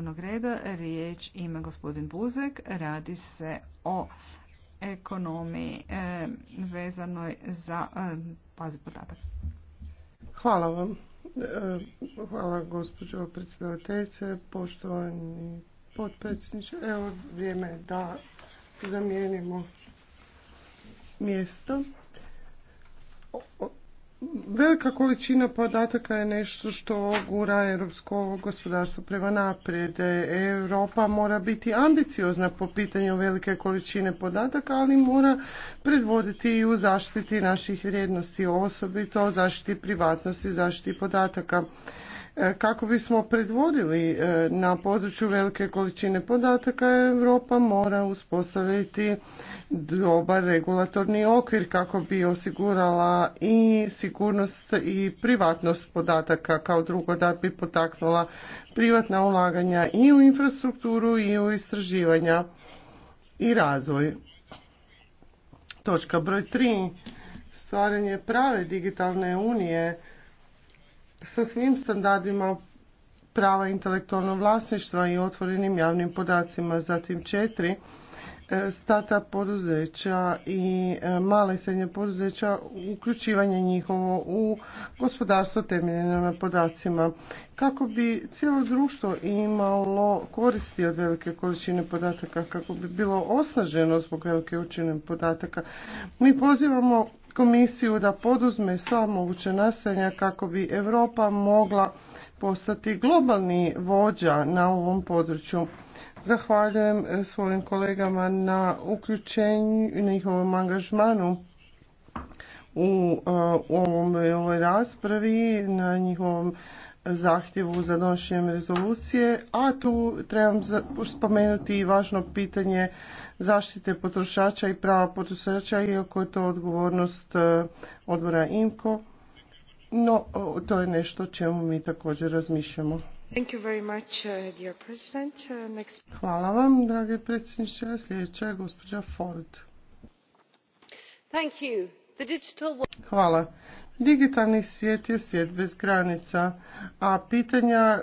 dnevnog reda. Riječ ima gospodin Buzek. Radi se o ekonomiji e, vezanoj za pazi e, podatak. Hvala vam. E, hvala gospođo predsjedateljice, poštovani potpredsjedniče. Evo vrijeme da zamijenimo mjesto velika količina podataka je nešto što gura europsko gospodarstvo prema naprijed. Europa mora biti ambiciozna po pitanju velike količine podataka, ali mora predvoditi i u zaštiti naših vrijednosti, osobito zaštiti privatnosti, zaštiti podataka. E, kako bismo predvodili e, na području velike količine podataka, Europa mora uspostaviti dobar regulatorni okvir kako bi osigurala i sigurnost i privatnost podataka, kao drugo da bi potaknula privatna ulaganja i u infrastrukturu i u istraživanja i razvoj. Točka broj tri, Stvaranje prave digitalne unije sa svim standardima prava intelektualnog vlasništva i otvorenim javnim podacima. Zatim četiri, stata poduzeća i e, male i srednje poduzeća, uključivanje njihovo u gospodarstvo temeljeno na podacima. Kako bi cijelo društvo imalo koristi od velike količine podataka, kako bi bilo osnaženo zbog velike učine podataka, mi pozivamo komisiju da poduzme sva moguće nastojanja kako bi Europa mogla postati globalni vođa na ovom području. Zahvaljujem e, svojim kolegama na uključenju i na njihovom angažmanu e, u, ovoj raspravi, na njihovom zahtjevu za donošenjem rezolucije, a tu trebam spomenuti i važno pitanje zaštite potrošača i prava potrošača, iako je to odgovornost e, odbora IMCO, no to je nešto o čemu mi također razmišljamo. Thank you very uh, uh, Hvala vam, dragi predsjedniče. Sljedeća je gospođa Ford. Hvala. Digitalni svijet je svijet bez granica, a pitanja e,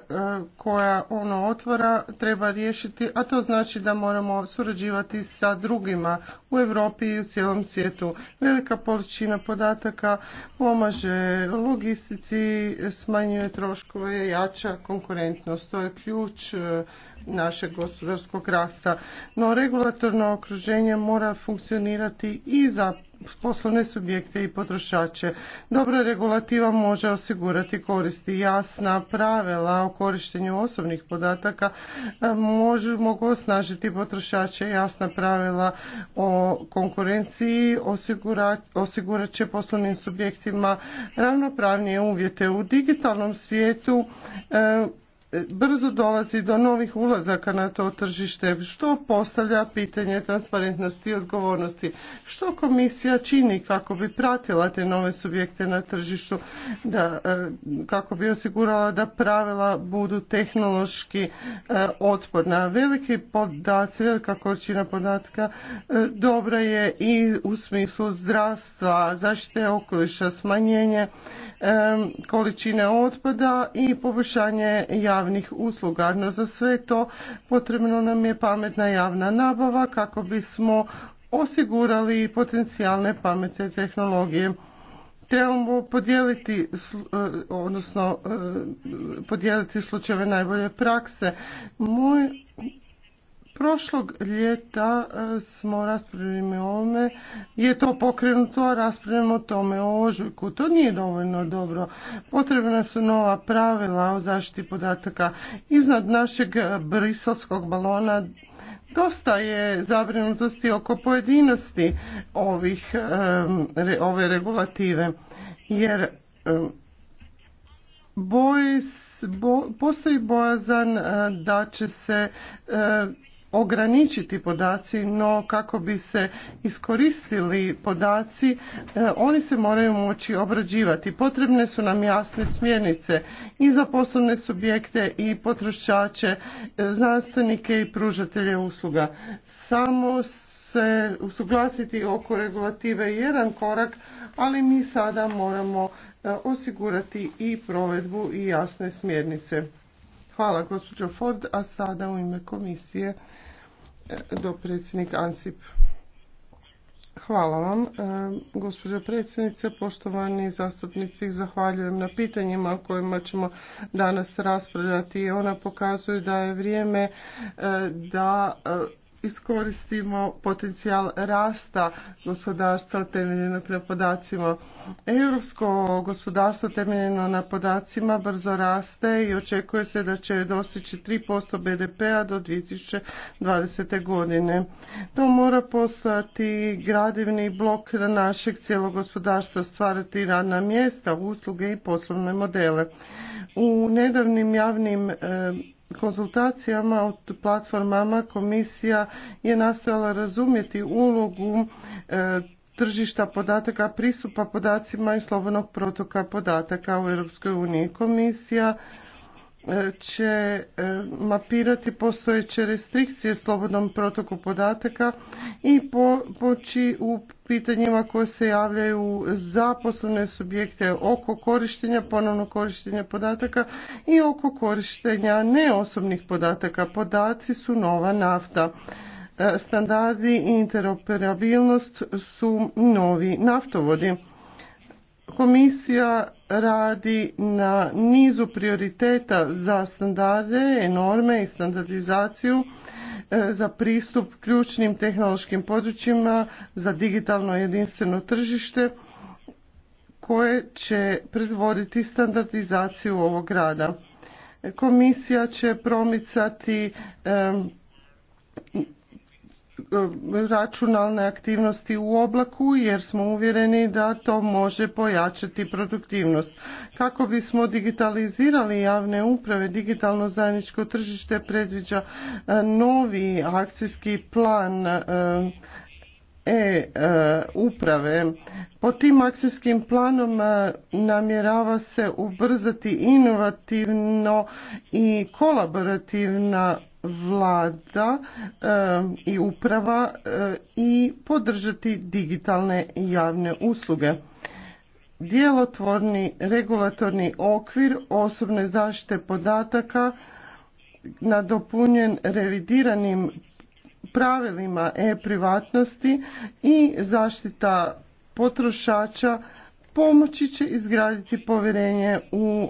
koja ono otvara treba riješiti, a to znači da moramo surađivati sa drugima u Europi i u cijelom svijetu. Velika količina podataka pomaže logistici, smanjuje troškove, jača konkurentnost. To je ključ e, našeg gospodarskog rasta. No regulatorno okruženje mora funkcionirati i za poslovne subjekte i potrošače. Dobra regulativa može osigurati koristi. Jasna pravila o korištenju osobnih podataka e, mogu osnažiti potrošače. Jasna pravila o konkurenciji osigurat, će poslovnim subjektima ravnopravnije uvjete. U digitalnom svijetu e, brzo dolazi do novih ulazaka na to tržište, što postavlja pitanje transparentnosti i odgovornosti. Što komisija čini kako bi pratila te nove subjekte na tržištu, da, e, kako bi osigurala da pravila budu tehnološki e, otporna. Veliki podaci, velika količina podatka e, dobra je i u smislu zdravstva, zaštite okoliša, smanjenje količine otpada i poboljšanje javnosti javnih usluga. No za sve to potrebno nam je pametna javna nabava kako bismo osigurali potencijalne pametne tehnologije. Trebamo podijeliti, e, odnosno e, podijeliti slučajeve najbolje prakse. Moj Prošlog ljeta e, smo raspravljali o ovome, je to pokrenuto, a raspravljamo o tome o ožujku. To nije dovoljno dobro. Potrebna su nova pravila o zaštiti podataka. Iznad našeg briselskog balona dosta je zabrinutosti oko pojedinosti ovih, e, ove regulative. Jer e, bo, postoji bojazan da će se ograničiti podaci, no kako bi se iskoristili podaci, e, oni se moraju moći obrađivati. Potrebne su nam jasne smjernice i za poslovne subjekte i potrošače, e, znanstvenike i pružatelje usluga. Samo se usuglasiti oko regulative jedan korak, ali mi sada moramo e, osigurati i provedbu i jasne smjernice. Hvala gospođo Ford, a sada u ime komisije e, dopredsjednik Ansip. Hvala vam, e, gospođo predsjednice, poštovani zastupnici, zahvaljujem na pitanjima o kojima ćemo danas raspravljati. Ona pokazuju da je vrijeme e, da iskoristimo potencijal rasta gospodarstva temeljeno na podacima. Europsko gospodarstvo temeljeno na podacima brzo raste i očekuje se da će dostići 3% BDP-a do 2020. godine. To mora postojati gradivni blok našeg cijelog gospodarstva, stvarati radna mjesta, usluge i poslovne modele. U nedavnim javnim eh, konzultacijama od platformama komisija je nastojala razumjeti ulogu e, tržišta podataka, pristupa podacima i slobodnog protoka podataka u Europskoj uniji. Komisija će e, mapirati postojeće restrikcije slobodnom protoku podataka i poći u pitanjima koje se javljaju za poslovne subjekte oko korištenja, ponovno korištenja podataka i oko korištenja neosobnih podataka. Podaci su nova nafta. E, standardi i interoperabilnost su novi naftovodi. Komisija radi na nizu prioriteta za standarde, norme i standardizaciju e, za pristup ključnim tehnološkim područjima za digitalno jedinstveno tržište koje će predvoditi standardizaciju ovog rada. Komisija će promicati e, E, računalne aktivnosti u oblaku jer smo uvjereni da to može pojačati produktivnost. Kako bismo digitalizirali javne uprave, digitalno zajedničko tržište predviđa e, novi akcijski plan e, e-uprave. E, po tim akcijskim planom e, namjerava se ubrzati inovativno i kolaborativna vlada e, i uprava i podržati digitalne javne usluge. Djelotvorni regulatorni okvir osobne zaštite podataka nadopunjen revidiranim pravilima e-privatnosti i zaštita potrošača pomoći će izgraditi povjerenje u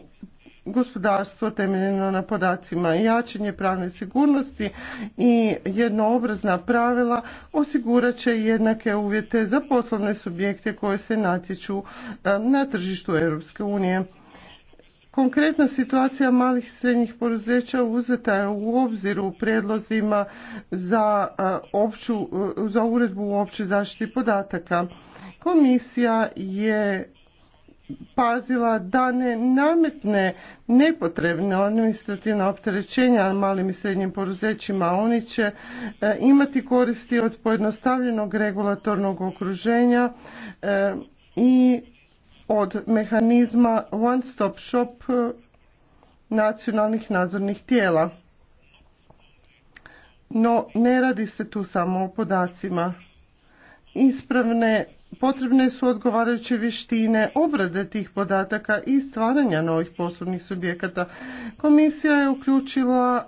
gospodarstvo temeljeno na podacima i jačanje pravne sigurnosti i jednoobrazna pravila osigurat će jednake uvjete za poslovne subjekte koje se natječu eh, na tržištu Europske unije. Konkretna situacija malih i srednjih poduzeća uzeta je u obzir u prijedlozima za, e, opću, e, za uredbu u općoj zaštiti podataka. Komisija je pazila da ne nametne nepotrebne administrativna opterećenja malim i srednjim poduzećima. Oni će e, imati koristi od pojednostavljenog regulatornog okruženja i od mehanizma one stop shop e, nacionalnih nadzornih tijela. No, ne radi se tu samo o podacima. Ispravne potrebne su odgovarajuće vještine obrade tih podataka i stvaranja novih poslovnih subjekata. Komisija je uključila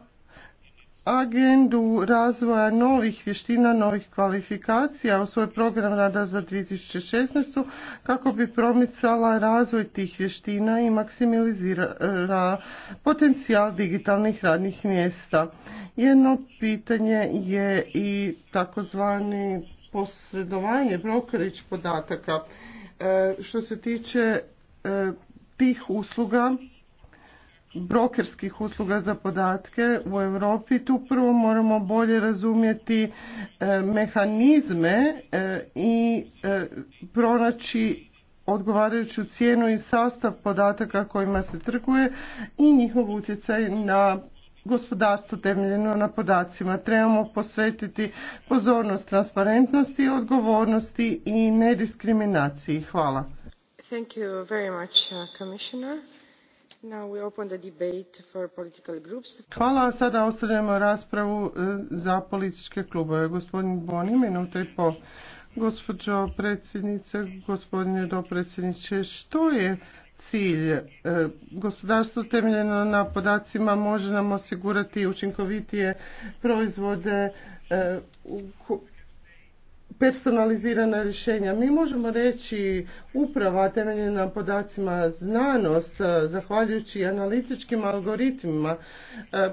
agendu razvoja novih vještina, novih kvalifikacija u svoj program rada za 2016. kako bi promicala razvoj tih vještina i maksimilizira potencijal digitalnih radnih mjesta. Jedno pitanje je i takozvani posredovanje brokerić podataka. E, što se tiče e, tih usluga, brokerskih usluga za podatke u Europi. Tu prvo moramo bolje razumjeti e, mehanizme e, i e, pronaći odgovarajuću cijenu i sastav podataka kojima se trguje i njihov utjecaj na gospodarstvo temeljeno na podacima. Trebamo posvetiti pozornost transparentnosti, odgovornosti i nediskriminaciji. Hvala. Thank you very much, uh, Hvala, sada ostavljamo raspravu e, za političke klubove. Gospodin Boni, minuta i po. Gospođo predsjednice, gospodine dopredsjedniče, što je cilj? E, gospodarstvo temeljeno na podacima može nam osigurati učinkovitije proizvode e, personalizirana rješenja. Mi možemo reći uprava temeljena na podacima znanost, e, zahvaljujući analitičkim algoritmima, e,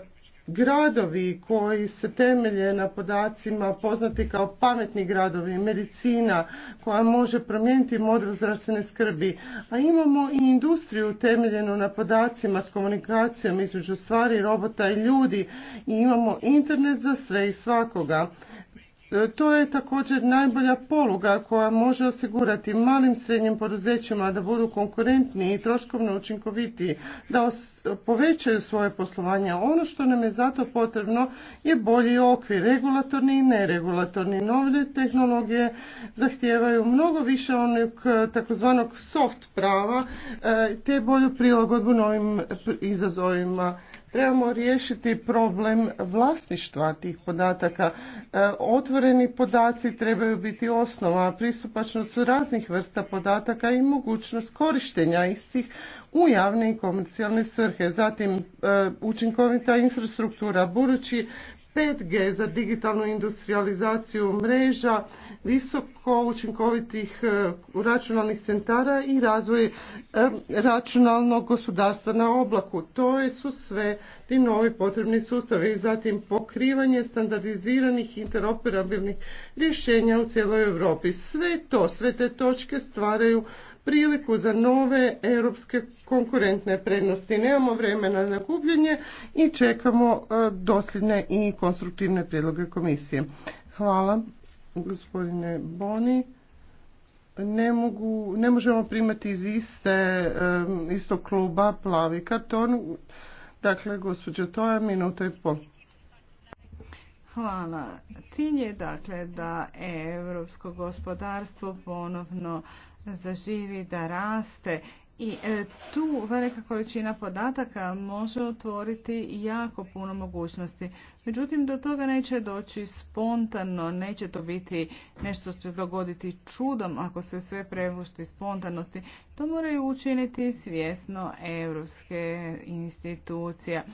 gradovi koji se temelje na podacima poznati kao pametni gradovi, medicina koja može promijeniti model zdravstvene skrbi, a imamo i industriju temeljenu na podacima s komunikacijom između stvari, robota i ljudi i imamo internet za sve i svakoga. E, to je također najbolja poluga koja može osigurati malim srednjim poduzećima da budu konkurentniji i troškovno učinkovitiji, da povećaju svoje poslovanje. Ono što nam je zato potrebno je bolji okvir, regulatorni i neregulatorni. Nove tehnologije zahtijevaju mnogo više onog e, takozvanog soft prava e, te bolju prilagodbu novim izazovima trebamo riješiti problem vlasništva tih podataka. E, otvoreni podaci trebaju biti osnova, pristupačnost su raznih vrsta podataka i mogućnost korištenja istih u javne i komercijalne svrhe. Zatim e, učinkovita infrastruktura, budući 5G za digitalnu industrializaciju mreža, visoko učinkovitih e, računalnih centara i razvoj e, računalnog gospodarstva na oblaku. To su sve ti novi potrebni sustavi. Zatim pokrivanje standardiziranih interoperabilnih rješenja u cijeloj Europi. Sve to, sve te točke stvaraju priliku za nove europske konkurentne prednosti. Nemamo vremena za gubljenje i čekamo e, dosljedne i konstruktivne prijedloge komisije. Hvala gospodine Boni. Ne, mogu, ne možemo primati iz iste, e, istog kluba plavi karton. Dakle, gospođo Toja, minuta i pol. Hvala. Cilj je dakle da europsko gospodarstvo ponovno zaživi, da raste. I e, tu velika količina podataka može otvoriti jako puno mogućnosti. Međutim, do toga neće doći spontano, neće to biti nešto što će dogoditi čudom ako se sve prepušti spontanosti. To moraju učiniti svjesno europske institucije.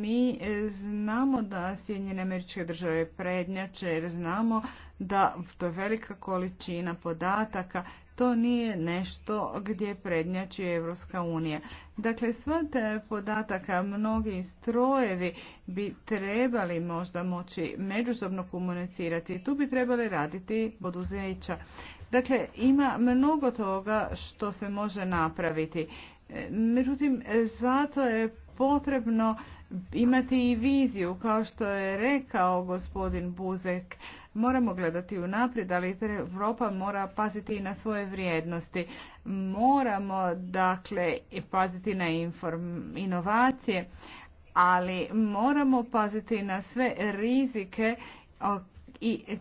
Mi e, znamo da Sjedinjene američke države prednjače jer znamo da to je velika količina podataka, to nije nešto gdje prednjači Evropska unija. Dakle, sva te podataka, mnogi strojevi bi trebali možda moći međusobno komunicirati. Tu bi trebali raditi poduzeća. Dakle, ima mnogo toga što se može napraviti. Međutim, zato je potrebno imati i viziju, kao što je rekao gospodin Buzek. Moramo gledati unaprijed, ali Europa mora paziti i na svoje vrijednosti. Moramo, dakle, paziti na inovacije, ali moramo paziti na sve rizike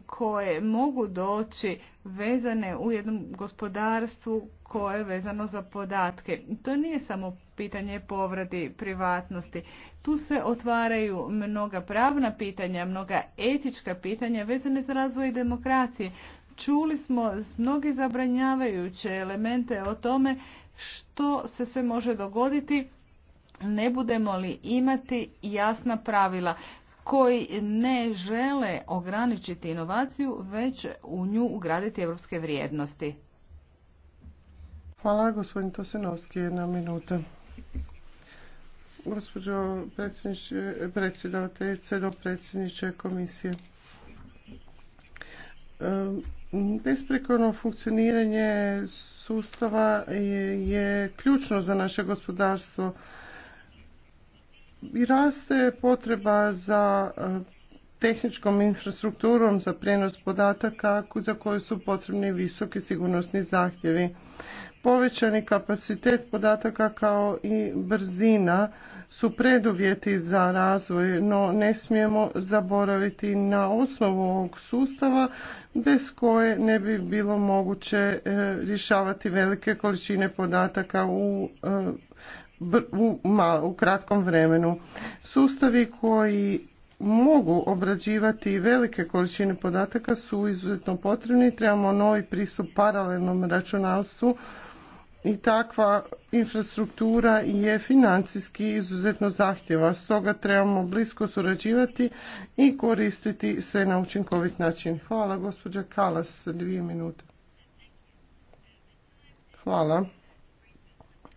koje mogu doći vezane u jednom gospodarstvu koje je vezano za podatke. To nije samo pitanje povredi privatnosti. Tu se otvaraju mnoga pravna pitanja, mnoga etička pitanja vezane za razvoj demokracije. Čuli smo mnogi zabranjavajuće elemente o tome što se sve može dogoditi ne budemo li imati jasna pravila koji ne žele ograničiti inovaciju, već u nju ugraditi evropske vrijednosti. Hvala, gospodin Tosinovski, jedna minuta gospođo predsjedateljice, do predsjedniče komisije. Ehm, besprekorno funkcioniranje sustava je ključno za naše gospodarstvo i raste potreba za tehničkom infrastrukturom za prijenos podataka za koje su potrebni visoki sigurnosni zahtjevi. Povećani kapacitet podataka kao i brzina su preduvjeti za razvoj, no ne smijemo zaboraviti na osnovu ovog sustava bez koje ne bi bilo moguće e, rješavati velike količine podataka u e, u, u kratkom vremenu. Sustavi koji mogu obrađivati velike količine podataka su izuzetno potrebni. Trebamo novi pristup paralelnom računalstvu i takva infrastruktura je financijski izuzetno zahtjeva. Stoga trebamo blisko surađivati i koristiti sve na učinkovit način. Hvala gospođa Kalas, dvije minute. Hvala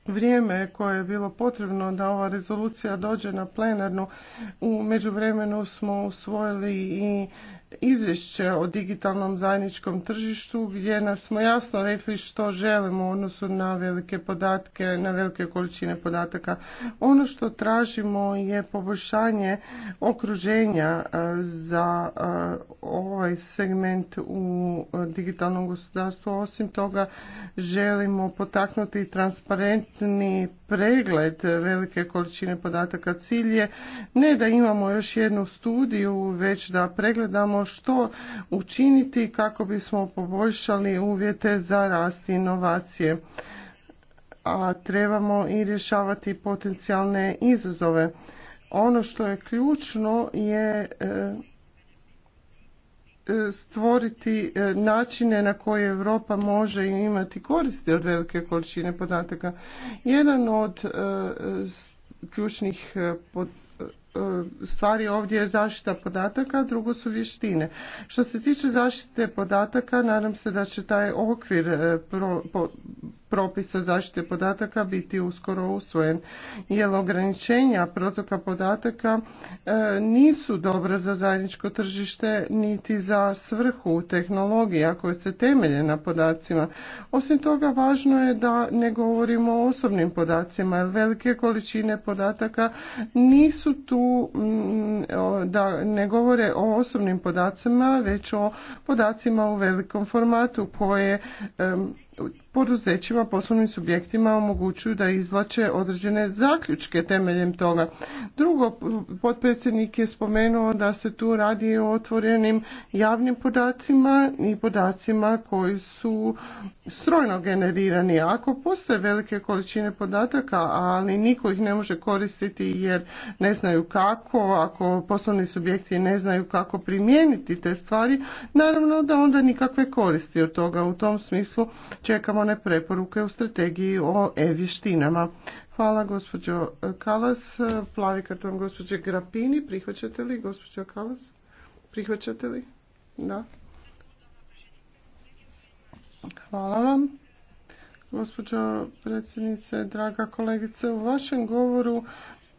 vrijeme koje je bilo potrebno da ova rezolucija dođe na plenarnu. U međuvremenu smo usvojili i izvješće o digitalnom zajedničkom tržištu gdje nas smo jasno rekli što želimo u odnosu na velike podatke, na velike količine podataka. Ono što tražimo je poboljšanje okruženja e, za e, ovaj segment u digitalnom gospodarstvu. Osim toga želimo potaknuti transparentnost pregled velike količine podataka. cilje. ne da imamo još jednu studiju, već da pregledamo što učiniti kako bismo poboljšali uvjete za rast inovacije. A trebamo i rješavati potencijalne izazove. Ono što je ključno je e, E, stvoriti e, načine na koje Europa može imati koristi od velike količine podataka. Jedan od e, ključnih E, stvari ovdje je zaštita podataka, drugo su vještine. Što se tiče zaštite podataka, nadam se da će taj okvir e, propisa zaštite podataka biti uskoro usvojen, jer ograničenja protoka podataka e, nisu dobra za zajedničko tržište niti za svrhu tehnologija koje se temelje na podacima. Osim toga, važno je da ne govorimo o osobnim podacima, jer velike količine podataka nisu tu Mm, da ne govore o osobnim podacima, već o podacima u velikom formatu koje poduzećima, poslovnim subjektima omogućuju da izvlače određene zaključke temeljem toga. Drugo, potpredsjednik je spomenuo da se tu radi o otvorenim javnim podacima i podacima koji su strojno generirani. Ako postoje velike količine podataka, ali niko ih ne može koristiti jer ne znaju kako, ako poslovni subjekti ne znaju kako primijeniti te stvari, naravno da onda nikakve koristi od toga. U tom smislu čekamo one preporuke u strategiji o e-vještinama. Hvala gospođo Kalas. Plavi karton gospođe Grapini. Prihvaćate li gospođo Kalas? Prihvaćate li? Da. Hvala vam. Gospođo predsjednice, draga kolegice, u vašem govoru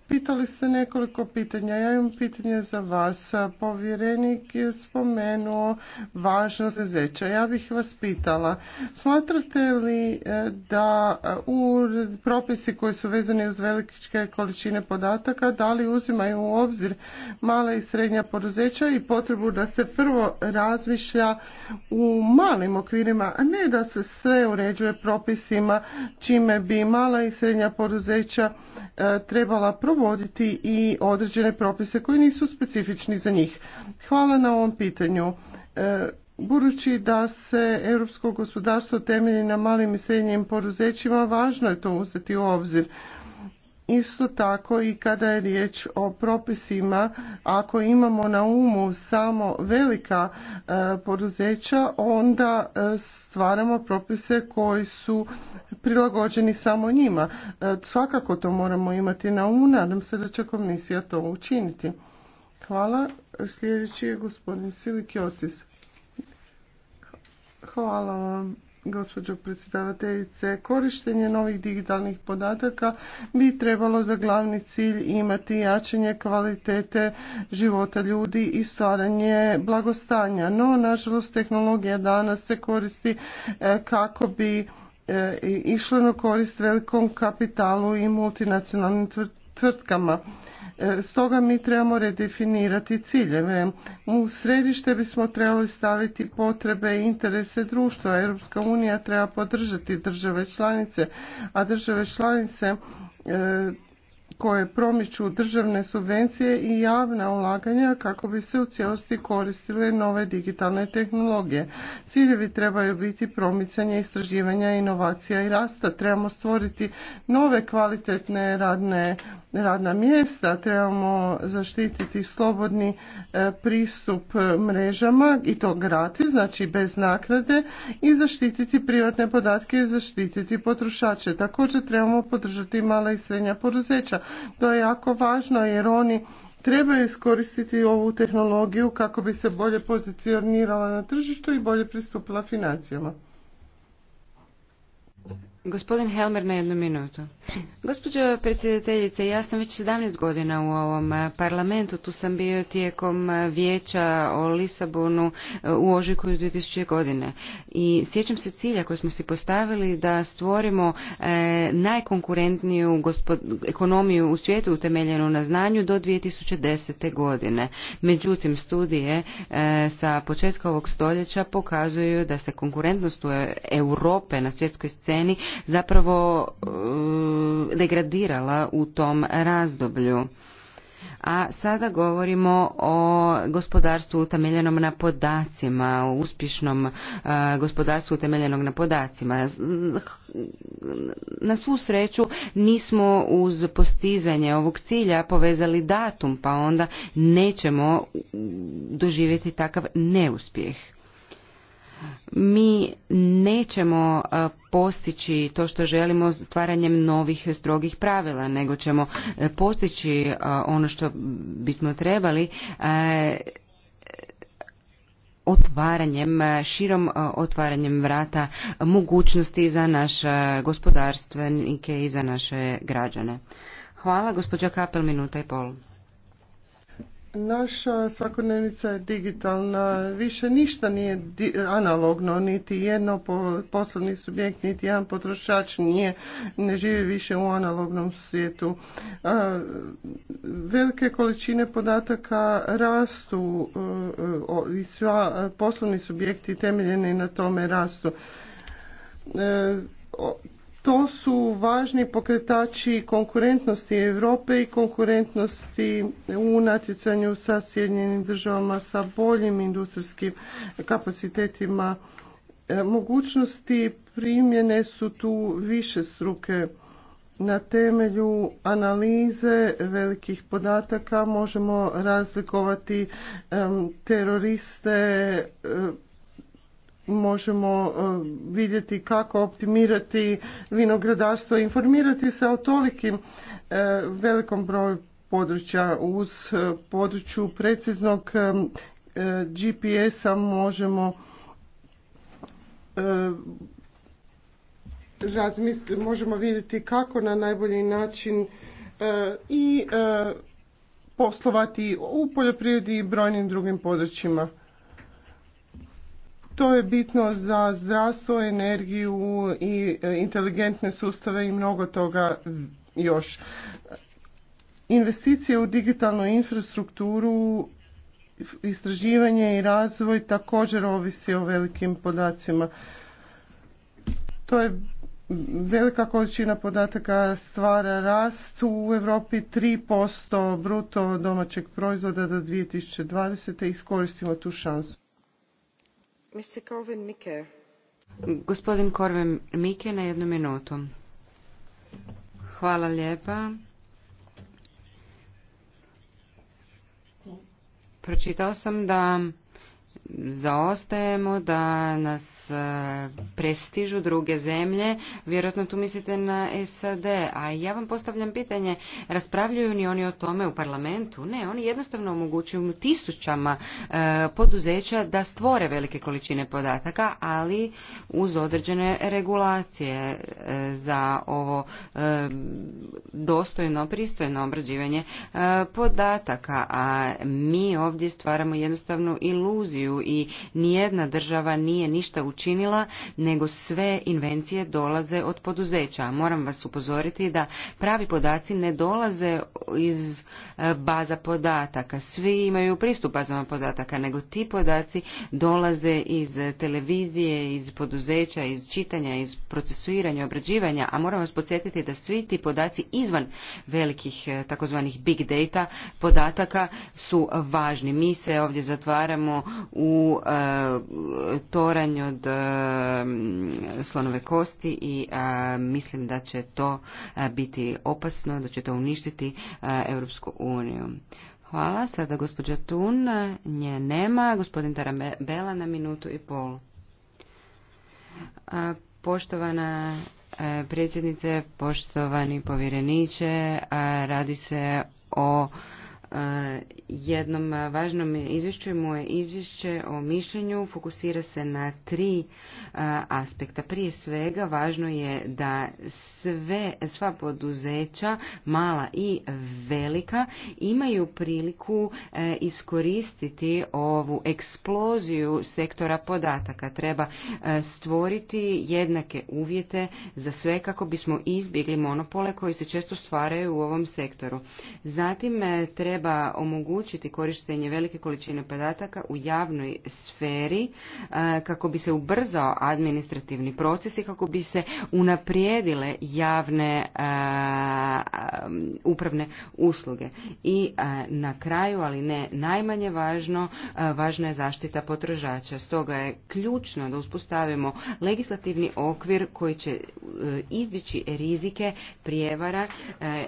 Pitali ste nekoliko pitanja. Ja imam pitanje za vas. Povjerenik je spomenuo važnost zeća. Ja bih vas pitala, smatrate li e, da u propisi koji su vezani uz velike količine podataka, da li uzimaju u obzir mala i srednja poduzeća i potrebu da se prvo razmišlja u malim okvirima, a ne da se sve uređuje propisima čime bi mala i srednja poduzeća e, trebala provoditi i određene propise koji nisu specifični za njih. Hvala na ovom pitanju. E, budući da se europsko gospodarstvo temelji na malim i srednjim poduzećima, važno je to uzeti u obzir. Isto tako i kada je riječ o propisima, ako imamo na umu samo velika e, poduzeća, onda e, stvaramo propise koji su prilagođeni samo njima. E, svakako to moramo imati na umu, nadam se da će komisija to učiniti. Hvala. Sljedeći je gospodin Silikiotis. Hvala vam gospođo predsjedavateljice, korištenje novih digitalnih podataka bi trebalo za glavni cilj imati jačanje kvalitete života ljudi i stvaranje blagostanja. No, nažalost, tehnologija danas se koristi e, kako bi e, išlo na korist velikom kapitalu i multinacionalnim tvrtkama tvrtkama. E, stoga mi trebamo redefinirati ciljeve. U središte bismo trebali staviti potrebe i interese društva. Europska unija treba podržati države članice, a države članice e, koje promiču državne subvencije i javna ulaganja kako bi se u cijelosti koristile nove digitalne tehnologije. Ciljevi trebaju biti promicanje istraživanja, inovacija i rasta. Trebamo stvoriti nove kvalitetne radne, radna mjesta, trebamo zaštititi slobodni e, pristup mrežama i to gratis, znači bez naknade i zaštititi privatne podatke i zaštititi potrošače. Također trebamo podržati mala i srednja poduzeća to je jako važno jer oni trebaju iskoristiti ovu tehnologiju kako bi se bolje pozicionirala na tržištu i bolje pristupila financijama. Gospodin Helmer na jednu minutu. Gospođo predsjedateljice, ja sam već 17 godina u ovom eh, parlamentu, tu sam bio tijekom eh, vijeća o Lisabonu eh, u iz 2000. godine. I sjećam se cilja koji smo si postavili da stvorimo najkonkurentniju ekonomiju u svijetu utemeljenu na znanju do 2010. godine. Međutim, studije sa početka ovog stoljeća pokazuju da se konkurentnost u Europe na svjetskoj sceni zapravo e, degradirala u tom razdoblju a sada govorimo o gospodarstvu utemeljenom na podacima, o uspješnom e, gospodarstvu utemeljenom na podacima. Na svu sreću nismo uz postizanje ovog cilja povezali datum, pa onda nećemo doživjeti takav neuspjeh mi nećemo e, postići to što želimo stvaranjem novih strogih pravila, nego ćemo e, postići e, ono što bismo trebali otvaranjem, širom otvaranjem vrata mogućnosti za naše gospodarstvenike i za naše građane. Hvala, gospođa Kapel, minuta i pol. Naša svakodnevnica je digitalna, više ništa nije analogno, niti jedno poslovni subjekt, niti jedan potrošač nije, ne živi više u analognom svijetu. Velike količine podataka rastu e, i sva poslovni subjekti temeljeni na tome rastu e, to su važni pokretači konkurentnosti Europe i konkurentnosti u natjecanju sa Sjedinjenim državama sa boljim industrijskim kapacitetima. E, mogućnosti primjene su tu više struke. Na temelju analize velikih podataka možemo razlikovati teroriste, možemo e, vidjeti kako optimirati vinogradarstvo, informirati se o tolikim e, velikom broju područja uz e, području preciznog GPS-a možemo razmisliti, možemo vidjeti kako na najbolji način i poslovati u poljoprivredi i brojnim drugim područjima. To je bitno za zdravstvo, energiju i e, inteligentne sustave i mnogo toga još. Investicije u digitalnu infrastrukturu, istraživanje i razvoj također ovisi o velikim podacima. To je velika količina podataka stvara rast u Europi 3% bruto domaćeg proizvoda do 2020. iskoristimo tu šansu. Mr. Corvin Mike. Gospodin Korven Mike na jednu minutu. Hvala lijepa. Pročitao sam da zaostajemo, da nas e, prestižu druge zemlje. Vjerojatno tu mislite na SAD. A ja vam postavljam pitanje, raspravljuju ni oni o tome u parlamentu? Ne, oni jednostavno omogućuju tisućama e, poduzeća da stvore velike količine podataka, ali uz određene regulacije e, za ovo dostojno, pristojno obrađivanje podataka. A mi ovdje stvaramo jednostavnu iluziju i nijedna država nije ništa učinila, nego sve invencije dolaze od poduzeća. Moram vas upozoriti da pravi podaci ne dolaze iz e, baza podataka. Svi imaju pristup bazama podataka, nego ti podaci dolaze iz televizije, iz poduzeća, iz čitanja, iz procesuiranja, obrađivanja, a moram vas podsjetiti da svi ti podaci izvan velikih e, takozvanih big data podataka su važni. Mi se ovdje zatvaramo u u e, toranj od e, slonove kosti i e, mislim da će to biti opasno, da će to uništiti Europsku uniju. Hvala. Sada gospođa Tun, nje nema. Gospodin Tarabela na minutu i pol. Poštovana predsjednice, poštovani povjereniče, radi se o jednom važnom izvješću i moje izvješće o mišljenju fokusira se na tri e, aspekta. Prije svega važno je da sve, sva poduzeća, mala i velika, imaju priliku e, iskoristiti ovu eksploziju sektora podataka. Treba e, stvoriti jednake uvjete za sve kako bismo izbjegli monopole koji se često stvaraju u ovom sektoru. Zatim treba treba omogućiti korištenje velike količine podataka u javnoj sferi e, kako bi se ubrzao administrativni proces i kako bi se unaprijedile javne e, upravne usluge. I e, na kraju, ali ne najmanje važno, važna je zaštita potrošača. Stoga je ključno da uspostavimo legislativni okvir koji će izbjeći rizike prijevara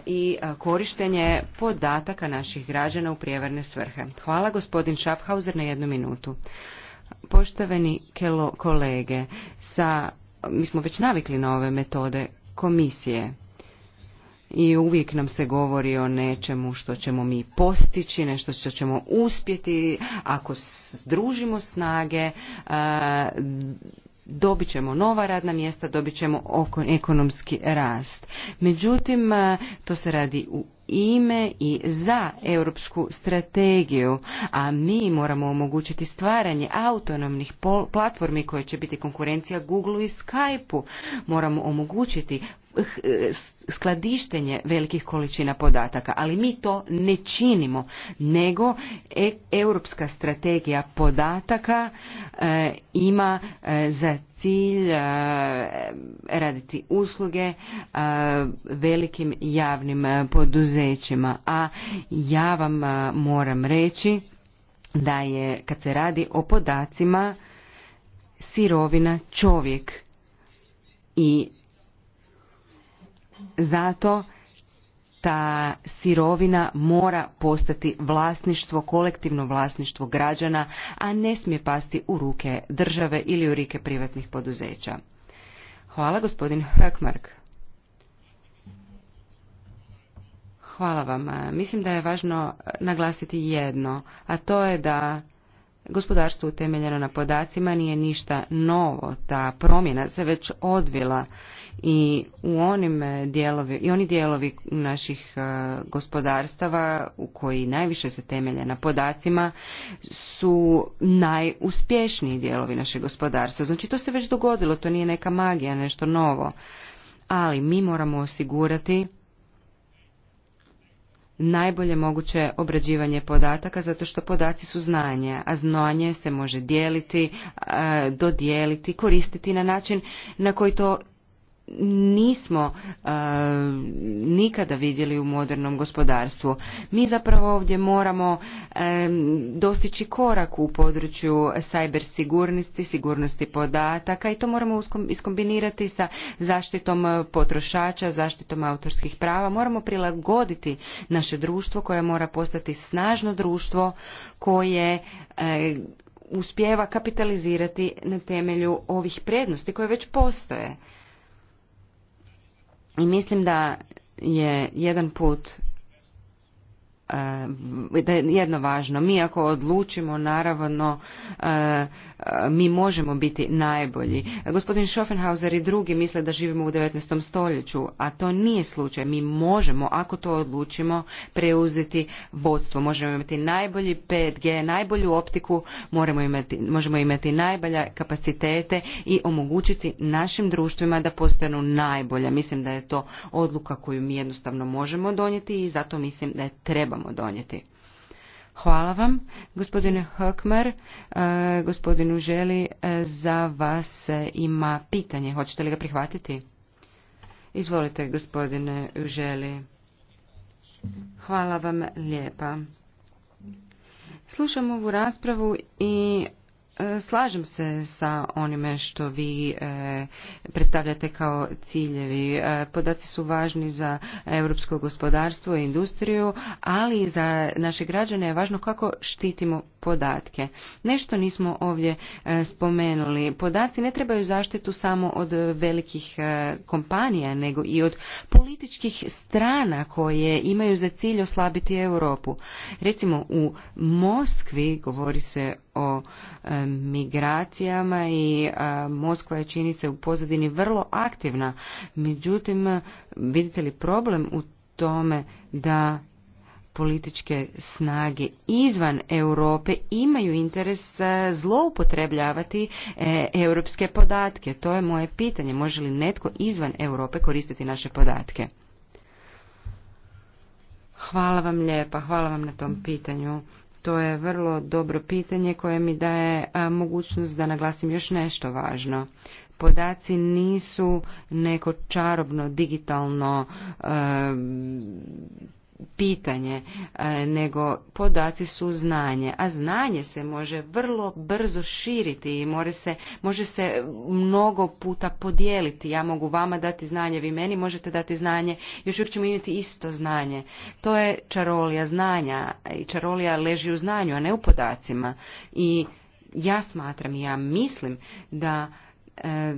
i korištenje podataka naših naših građana u prijevarne svrhe. Hvala gospodin Schaffhauser na jednu minutu. Poštovani kolege, sa, mi smo već navikli na ove metode komisije i uvijek nam se govori o nečemu što ćemo mi postići, nešto što ćemo uspjeti, ako združimo snage, dobit ćemo nova radna mjesta, dobit ćemo ekonomski rast. Međutim, to se radi u ime i za europsku strategiju, a mi moramo omogućiti stvaranje autonomnih platformi koje će biti konkurencija Google i Skypeu. Moramo omogućiti Eh, skladištenje velikih količina podataka, ali mi to ne činimo, nego e europska strategija podataka eh, ima eh, za cilj raditi usluge velikim javnim poduzećima, a ja vam moram reći da je kad se radi o podacima sirovina čovjek i zato ta sirovina mora postati vlasništvo, kolektivno vlasništvo građana, a ne smije pasti u ruke države ili u rike privatnih poduzeća. Hvala gospodin Hökmark. Hvala vam. Mislim da je važno naglasiti jedno, a to je da Gospodarstvo utemeljeno na podacima nije ništa novo, ta promjena se već odvila i u onim e, dijelovi, i oni dijelovi naših e, gospodarstava u koji najviše se temelje na podacima su najuspješniji dijelovi našeg gospodarstva. Znači to se već dogodilo, to nije neka magija, nešto novo. Ali mi moramo osigurati najbolje moguće obrađivanje podataka zato što podaci su znanje, a znanje se može dijeliti, dodijeliti, koristiti na način na koji to nismo e, nikada vidjeli u modernom gospodarstvu. Mi zapravo ovdje moramo e, dostići korak u području cyber sigurnosti, sigurnosti podataka i to moramo iskombinirati sa zaštitom e, potrošača, zaštitom autorskih prava. Moramo prilagoditi naše društvo koje mora postati snažno društvo koje uspjeva kapitalizirati na temelju ovih prednosti koje već postoje. I mislim da je jedan put e, da je jedno važno. Mi ako odlučimo naravno e, E, mi možemo biti najbolji. Gospodin Schopenhauser i drugi misle da živimo u 19. stoljeću, a to nije slučaj. Mi možemo, ako to odlučimo, preuzeti vodstvo. Možemo imati najbolji 5G, najbolju optiku, moramo imati, možemo imati najbolje kapacitete i omogućiti našim društvima da postanu najbolja. Mislim da je to odluka koju mi jednostavno možemo donijeti i zato mislim da je trebamo donijeti. Hvala vam, gospodine Hökmer. E, gospodinu Želi, e, za vas ima pitanje. Hoćete li ga prihvatiti? Izvolite, gospodine Želi. Hvala vam lijepa. Slušam ovu raspravu i E, slažem se sa onime što vi e, predstavljate kao ciljevi. E, podaci su važni za europsko gospodarstvo i industriju, ali i za naše građane je važno kako štitimo podatke. Nešto nismo ovdje spomenuli. Podaci ne trebaju zaštitu samo od velikih kompanija, nego i od političkih strana koje imaju za cilj oslabiti Europu. Recimo u Moskvi govori se o migracijama i Moskva je se u pozadini vrlo aktivna. Međutim, vidite li problem u tome da političke snage izvan Europe imaju interes zloupotrebljavati e, europske podatke. To je moje pitanje. Može li netko izvan Europe koristiti naše podatke? Hvala vam lijepa, hvala vam na tom pitanju. To je vrlo dobro pitanje koje mi daje mogućnost da naglasim još nešto važno. Podaci nisu neko čarobno digitalno pitanje, e, nego podaci su znanje, a znanje se može vrlo brzo širiti i može se, može se mnogo puta podijeliti. Ja mogu vama dati znanje, vi meni možete dati znanje, još uvijek ćemo imati isto znanje. To je čarolija znanja i čarolija leži u znanju, a ne u podacima. I ja smatram i ja mislim da e,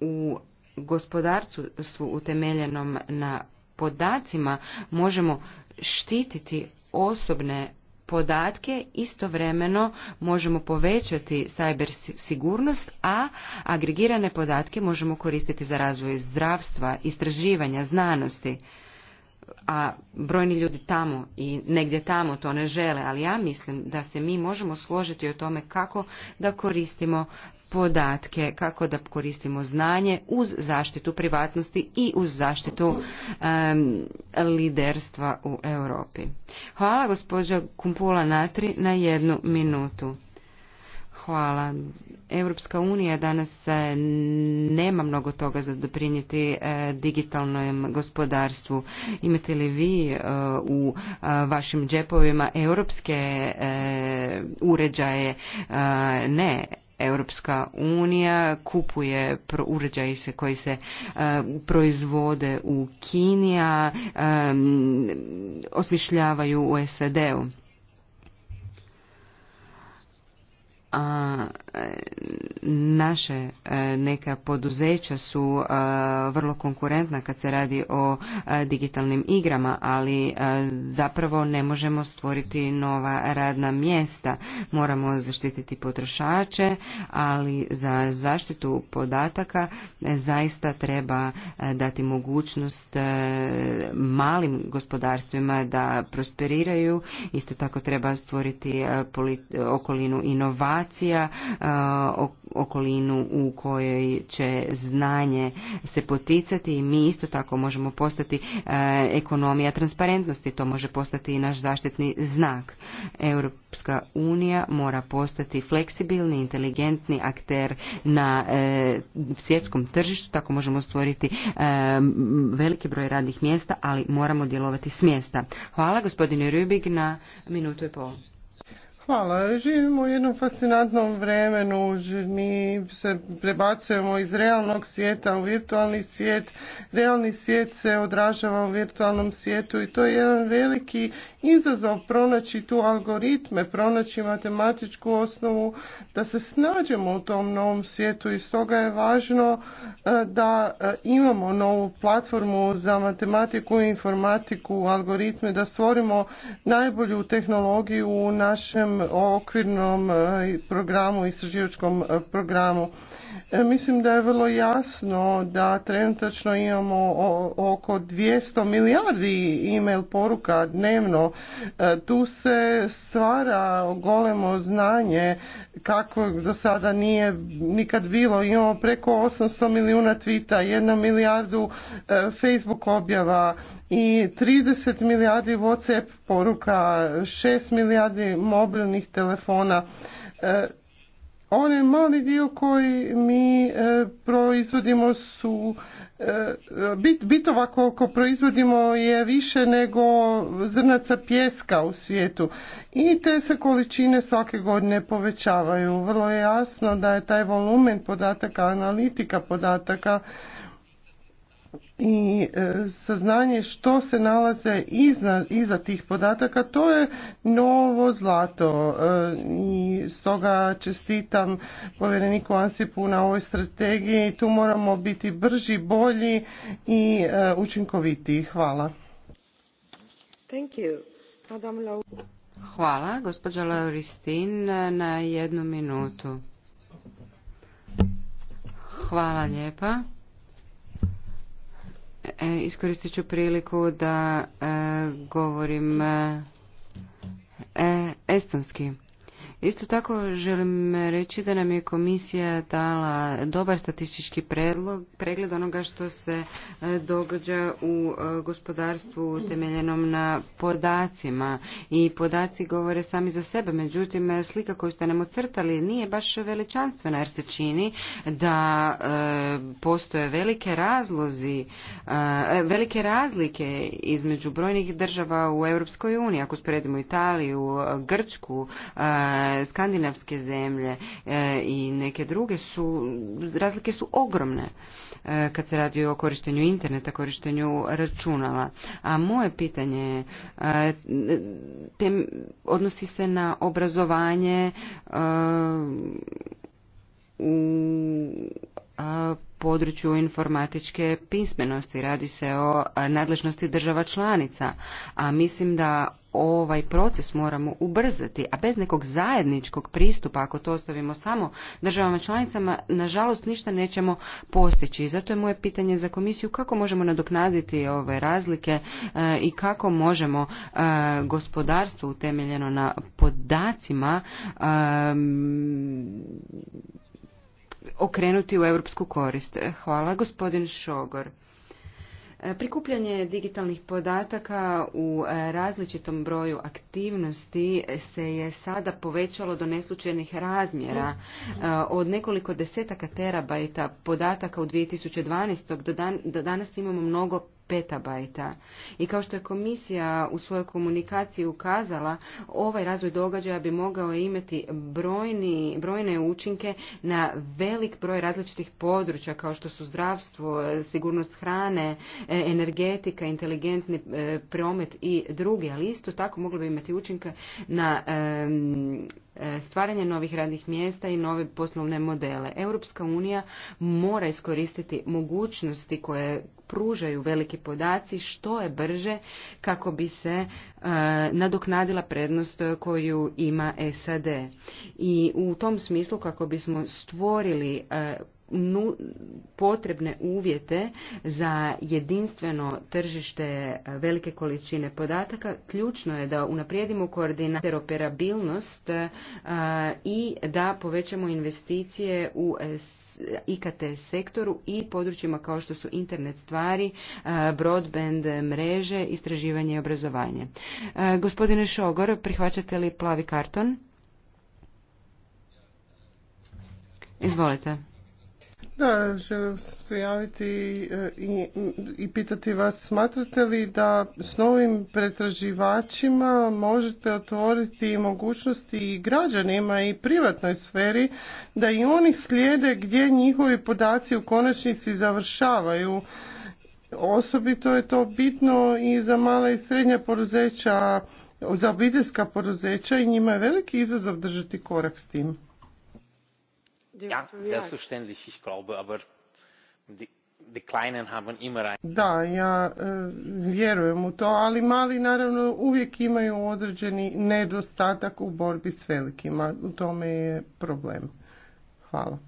u gospodarstvu utemeljenom na podacima možemo štititi osobne podatke istovremeno možemo povećati cyber sigurnost, a agregirane podatke možemo koristiti za razvoj zdravstva, istraživanja, znanosti. A brojni ljudi tamo i negdje tamo to ne žele, ali ja mislim da se mi možemo složiti o tome kako da koristimo podatke kako da koristimo znanje uz zaštitu privatnosti i uz zaštitu liderstva u Europi. Hvala gospođa Kumpula Natri na jednu minutu. Hvala. Europska unija danas e, nema mnogo toga za doprinijeti e, digitalnom gospodarstvu. Imate li vi e, u vašim džepovima europske uređaje? Ne. Europska unija kupuje uređaje koji se eh, proizvode u Kini, a osmišljavaju u SAD-u. a e, naše e, neka poduzeća su e, vrlo konkurentna kad se radi o digitalnim igrama, ali zapravo ne možemo stvoriti nova radna mjesta. Moramo zaštititi potrošače, ali za zaštitu podataka zaista treba dati mogućnost malim gospodarstvima da prosperiraju. Isto tako treba stvoriti okolinu inovacije E, okolinu u kojoj će znanje se poticati i mi isto tako možemo postati e, ekonomija transparentnosti, to može postati i naš zaštitni znak. Europska unija mora postati fleksibilni, inteligentni akter na e, svjetskom tržištu, tako možemo stvoriti veliki broj radnih mjesta, ali moramo djelovati s mjesta. Hvala gospodine Rubik na minutu i pol. Hvala. Živimo u jednom fascinantnom vremenu. Mi se prebacujemo iz realnog svijeta u virtualni svijet. Realni svijet se odražava u virtualnom svijetu i to je jedan veliki izazov pronaći tu algoritme, pronaći matematičku osnovu da se snađemo u tom novom svijetu i stoga je važno e, da e, imamo novu platformu za matematiku i informatiku, algoritme, da stvorimo najbolju tehnologiju u našem okvirnom eh, programu, istraživačkom eh, programu E, mislim da je vrlo jasno da trenutačno imamo oko 200 milijardi e-mail poruka dnevno. E, tu se stvara golemo znanje kako do sada nije nikad bilo. Imamo preko 800 milijuna tvita, jednu milijardu e, Facebook objava i 30 milijardi WhatsApp poruka, 6 milijardi mobilnih telefona onaj mali dio koji mi e, proizvodimo su e, bit, bitova koliko proizvodimo je više nego zrnaca pjeska u svijetu i te se količine svake godine povećavaju vrlo je jasno da je taj volumen podataka analitika podataka i e, saznanje što se nalaze iza, iza tih podataka, to je novo zlato e, i stoga čestitam povjereniku Ansipu na ovoj strategiji. Tu moramo biti brži, bolji i e, učinkovitiji. Hvala. Thank you. Hvala, gospođa Lauristin, na jednu minutu. Hvala lijepa. E, iskoristit ću priliku da e, govorim e, estonski. Isto tako želim reći da nam je komisija dala dobar statistički predlog, pregled onoga što se e, događa u e, gospodarstvu temeljenom na podacima i podaci govore sami za sebe, međutim e, slika koju ste nam ocrtali nije baš veličanstvena jer se čini da postoje velike razlozi, velike razlike između brojnih država u Europskoj uniji, ako sporedimo Italiju, Grčku, skandinavske zemlje e, i neke druge su, razlike su ogromne e, kad se radi o korištenju interneta, korištenju računala. A moje pitanje e, tem, odnosi se na obrazovanje u području informatičke pismenosti, radi se o nadležnosti država članica, a mislim da ovaj proces moramo ubrzati, a bez nekog zajedničkog pristupa, ako to ostavimo samo državama članicama, nažalost ništa nećemo postići. zato je moje pitanje za komisiju kako možemo nadoknaditi ove razlike e, i kako možemo e, gospodarstvo utemeljeno na podacima e, okrenuti u europsku korist. Hvala, gospodin Šogor. E, prikupljanje digitalnih podataka u e, različitom broju aktivnosti se je sada povećalo do neslučajnih razmjera e, od nekoliko desetaka terabajta podataka u 2012. do danas imamo mnogo petabajta. I kao što je komisija u svojoj komunikaciji ukazala, ovaj razvoj događaja bi mogao imati brojni, brojne učinke na velik broj različitih područja kao što su zdravstvo, sigurnost hrane, e, energetika, inteligentni e, promet i drugi, ali isto tako moglo bi imati učinke na e, stvaranje novih radnih mjesta i nove poslovne modele. Europska unija mora iskoristiti mogućnosti koje pružaju veliki podaci što je brže kako bi se e, nadoknadila prednost koju ima SAD. I u tom smislu kako bismo stvorili e, potrebne uvjete za jedinstveno tržište e, velike količine podataka, ključno je da unaprijedimo operabilnost e, i da povećamo investicije u IKT sektoru i područjima kao što su internet stvari, e, broadband mreže, istraživanje i obrazovanje. Gospodine Šogor, prihvaćate li plavi karton? Izvolite. Da, želim se javiti e, i, i pitati vas, smatrate li da s novim pretraživačima možete otvoriti mogućnosti i građanima i privatnoj sferi da i oni slijede gdje njihovi podaci u konačnici završavaju? Osobito je to bitno i za mala i srednja poduzeća, za obiteljska poduzeća i njima je veliki izazov držati korak s tim. Ja, selbstverständlich, ich glaube, aber die, Kleinen haben immer ein... Da, ja e, vjerujem u to, ali mali naravno uvijek imaju određeni nedostatak u borbi s velikima. U tome je problem. Hvala.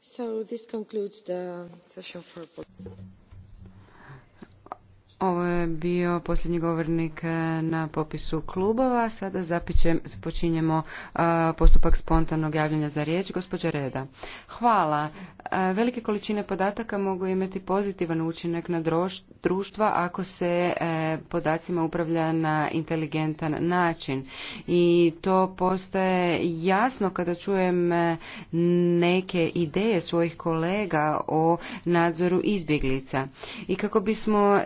So this concludes the session for... Ovo je bio posljednji govornik e, na popisu klubova. Sada zapićem, počinjemo e, postupak spontanog javljanja za riječ. Gospođa Reda. Hvala. E, velike količine podataka mogu imati pozitivan učinak na društva ako se podacima upravlja na inteligentan način. I to postaje jasno kada čujem neke ideje svojih kolega o nadzoru izbjeglica. I kako bismo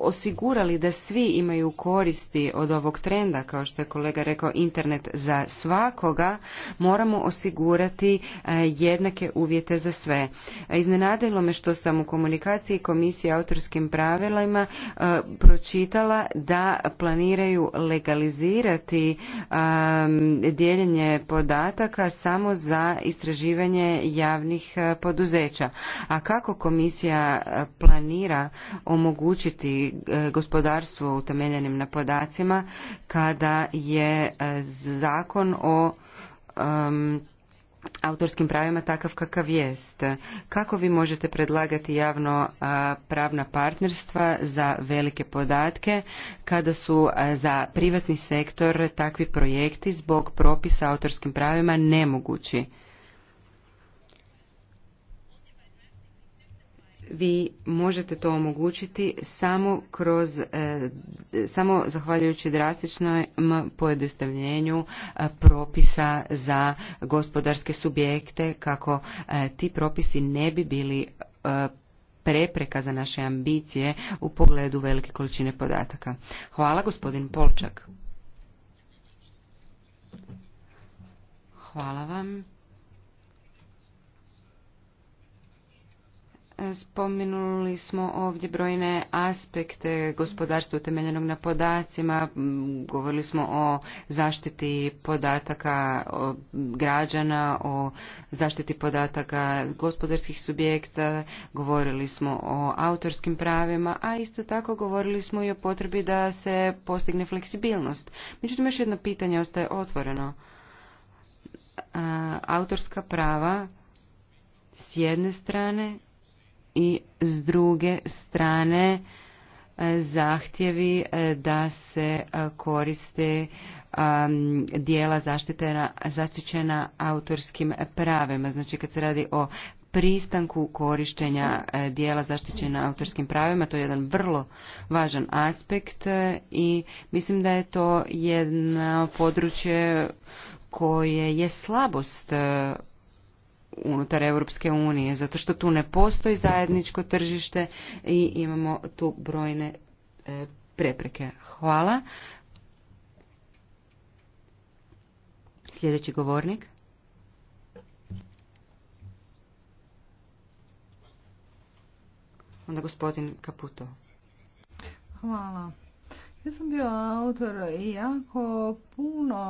osigurali da svi imaju koristi od ovog trenda, kao što je kolega rekao internet za svakoga, moramo osigurati e, jednake uvjete za sve. E, iznenadilo me što sam u komunikaciji komisije autorskim pravilima e, pročitala da planiraju legalizirati dijeljenje podataka samo za istraživanje javnih poduzeća. A kako komisija planira omogućiti omogućiti e, gospodarstvo utemeljenim na podacima kada je e, zakon o autorskim pravima takav kakav jest. Kako vi možete predlagati javno e, pravna partnerstva za velike podatke kada su za privatni sektor takvi projekti zbog propisa autorskim pravima nemogući? vi možete to omogućiti samo kroz e, samo zahvaljujući drastičnom pojednostavljenju e, propisa za gospodarske subjekte kako e, ti propisi ne bi bili prepreka za naše ambicije u pogledu velike količine podataka. Hvala gospodin Polčak. Hvala vam. Spominuli smo ovdje brojne aspekte gospodarstva utemeljenog na podacima, govorili smo o zaštiti podataka građana, o zaštiti podataka gospodarskih subjekta, govorili smo o autorskim pravima, a isto tako govorili smo i o potrebi da se postigne fleksibilnost. Međutim, još jedno pitanje ostaje otvoreno. Autorska prava s jedne strane i s druge strane e, zahtjevi e, da se e, koriste dijela zaštićena autorskim pravima. Znači kad se radi o pristanku korištenja dijela zaštićena autorskim pravima, to je jedan vrlo važan aspekt i mislim da je to jedno područje koje je slabost unutar Europske unije, zato što tu ne postoji zajedničko tržište i imamo tu brojne e, prepreke. Hvala. Sljedeći govornik. Onda gospodin Kaputo. Hvala ja sam bio autor i jako puno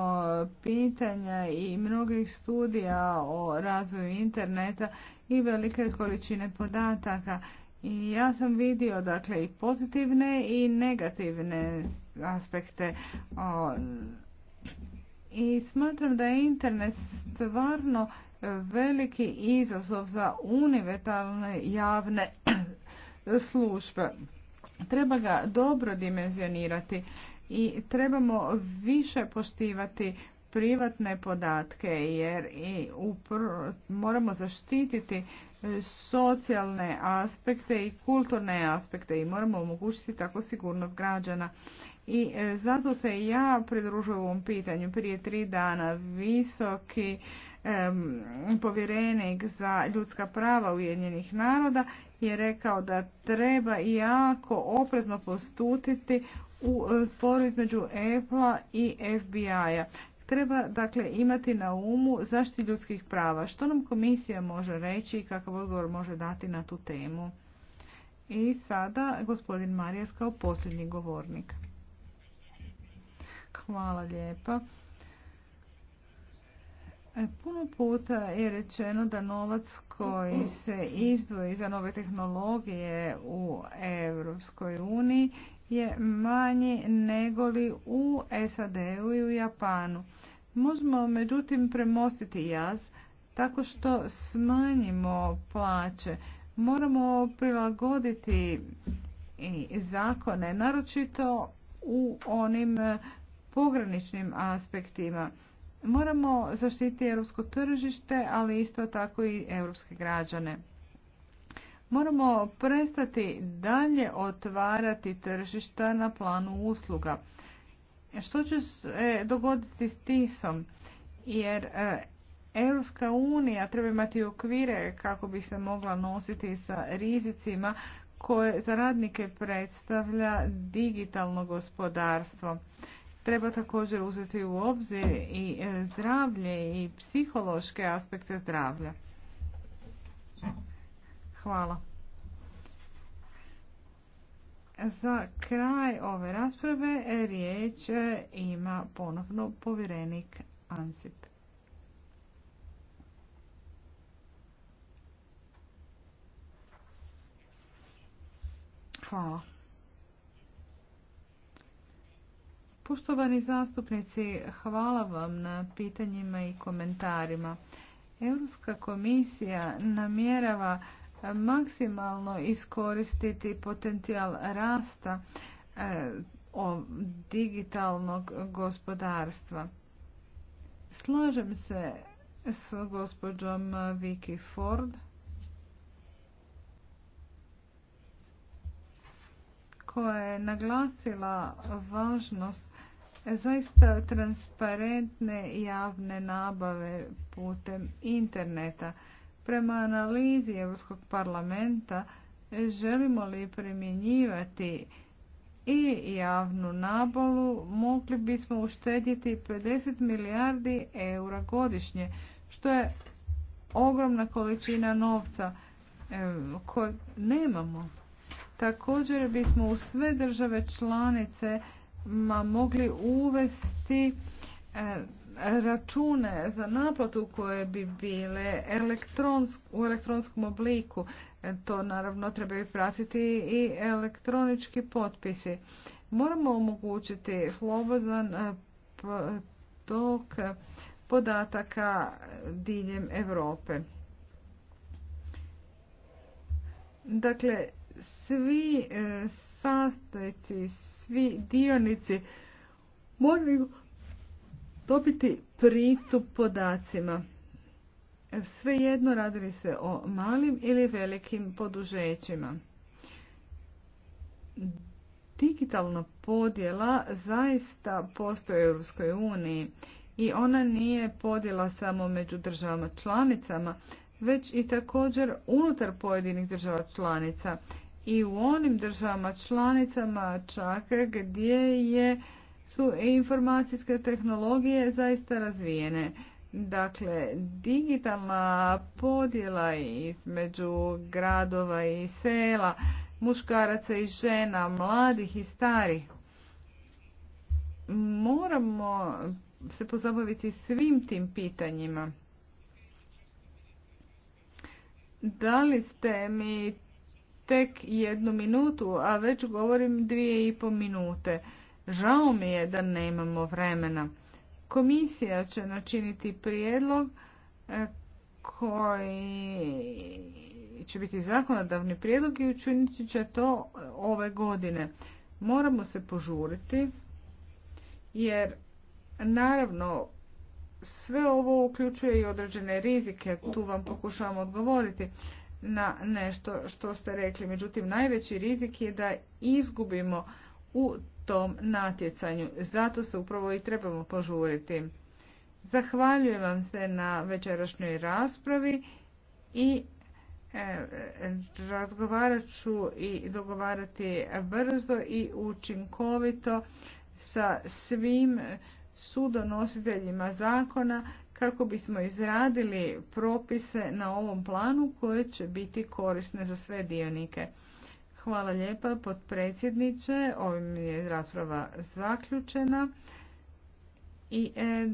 pitanja i mnogih studija o razvoju interneta i velike količine podataka. I ja sam vidio dakle i pozitivne i negativne aspekte. I smatram da je internet stvarno veliki izazov za univetalne javne službe. Treba ga dobro dimenzionirati i trebamo više poštivati privatne podatke jer i moramo zaštititi e, socijalne aspekte i kulturne aspekte i moramo omogućiti tako sigurnost građana. I e, zato se ja pridružujem ovom pitanju. Prije tri dana visoki povjerenik za ljudska prava Ujedinjenih naroda je rekao da treba jako oprezno postutiti u sporu između Apple-a i FBI-a. Treba dakle imati na umu zaštiti ljudskih prava. Što nam komisija može reći i kakav odgovor može dati na tu temu? I sada gospodin Marijas kao posljednji govornik. Hvala lijepa. E, puno puta je rečeno da novac koji se izdvoji za nove tehnologije u Europskoj uniji je manji nego li u SAD-u i u Japanu. Možemo međutim premostiti jaz tako što smanjimo plaće. Moramo prilagoditi i zakone, naročito u onim pograničnim aspektima. Moramo zaštiti europsko tržište, ali isto tako i europske građane. Moramo prestati dalje otvarati tržišta na planu usluga. Što će se dogoditi s TIS-om? Jer e, Europska unija treba imati okvire kako bi se mogla nositi sa rizicima koje za radnike predstavlja digitalno gospodarstvo. Treba također uzeti u obzir i e, zdravlje i psihološke aspekte zdravlja. Hvala. Za kraj ove rasprave e, riječ e, ima ponovno povjerenik Ansip. Hvala. Poštovani zastupnici, hvala vam na pitanjima i komentarima. Europska komisija namjerava maksimalno iskoristiti potencijal rasta e, digitalnog gospodarstva. Slažem se s gospođom Vicky Ford koja je naglasila važnost zaista transparentne javne nabave putem interneta. Prema analizi Europskog parlamenta želimo li primjenjivati i javnu nabavu mogli bismo uštedjeti 50 milijardi eura godišnje, što je ogromna količina novca e, koju nemamo. Također bismo u sve države članice mogli uvesti e, račune za naplatu koje bi bile u elektronskom obliku. E, to naravno trebaju pratiti i elektronički potpisi. Moramo omogućiti slobodan e, tok podataka diljem Europe. Dakle, svi sastojci, svi dionici moraju dobiti pristup podacima. Sve jedno radili se o malim ili velikim poduzećima. Digitalna podjela zaista postoji u Europskoj uniji i ona nije podjela samo među državama članicama, već i također unutar pojedinih država članica i u onim državama članicama čak gdje je, su informacijske tehnologije zaista razvijene. Dakle, digitalna podjela između gradova i sela, muškaraca i žena, mladih i starih. Moramo se pozabaviti svim tim pitanjima. Da li ste mi tek jednu minutu, a već govorim dvije i po minute. Žao mi je da nemamo vremena. Komisija će načiniti prijedlog e, koji će biti zakonodavni prijedlog i učiniti će to ove godine. Moramo se požuriti jer naravno sve ovo uključuje i određene rizike, tu vam pokušavam odgovoriti, na nešto što ste rekli. Međutim, najveći rizik je da izgubimo u tom natjecanju. Zato se upravo i trebamo požuriti. Zahvaljujem vam se na večerašnjoj raspravi i e, razgovarat ću i dogovarati brzo i učinkovito sa svim sudonositeljima zakona kako bismo izradili propise na ovom planu koje će biti korisne za sve dionike. Hvala lijepa potpredsjedniče. Ovim je rasprava zaključena. I e,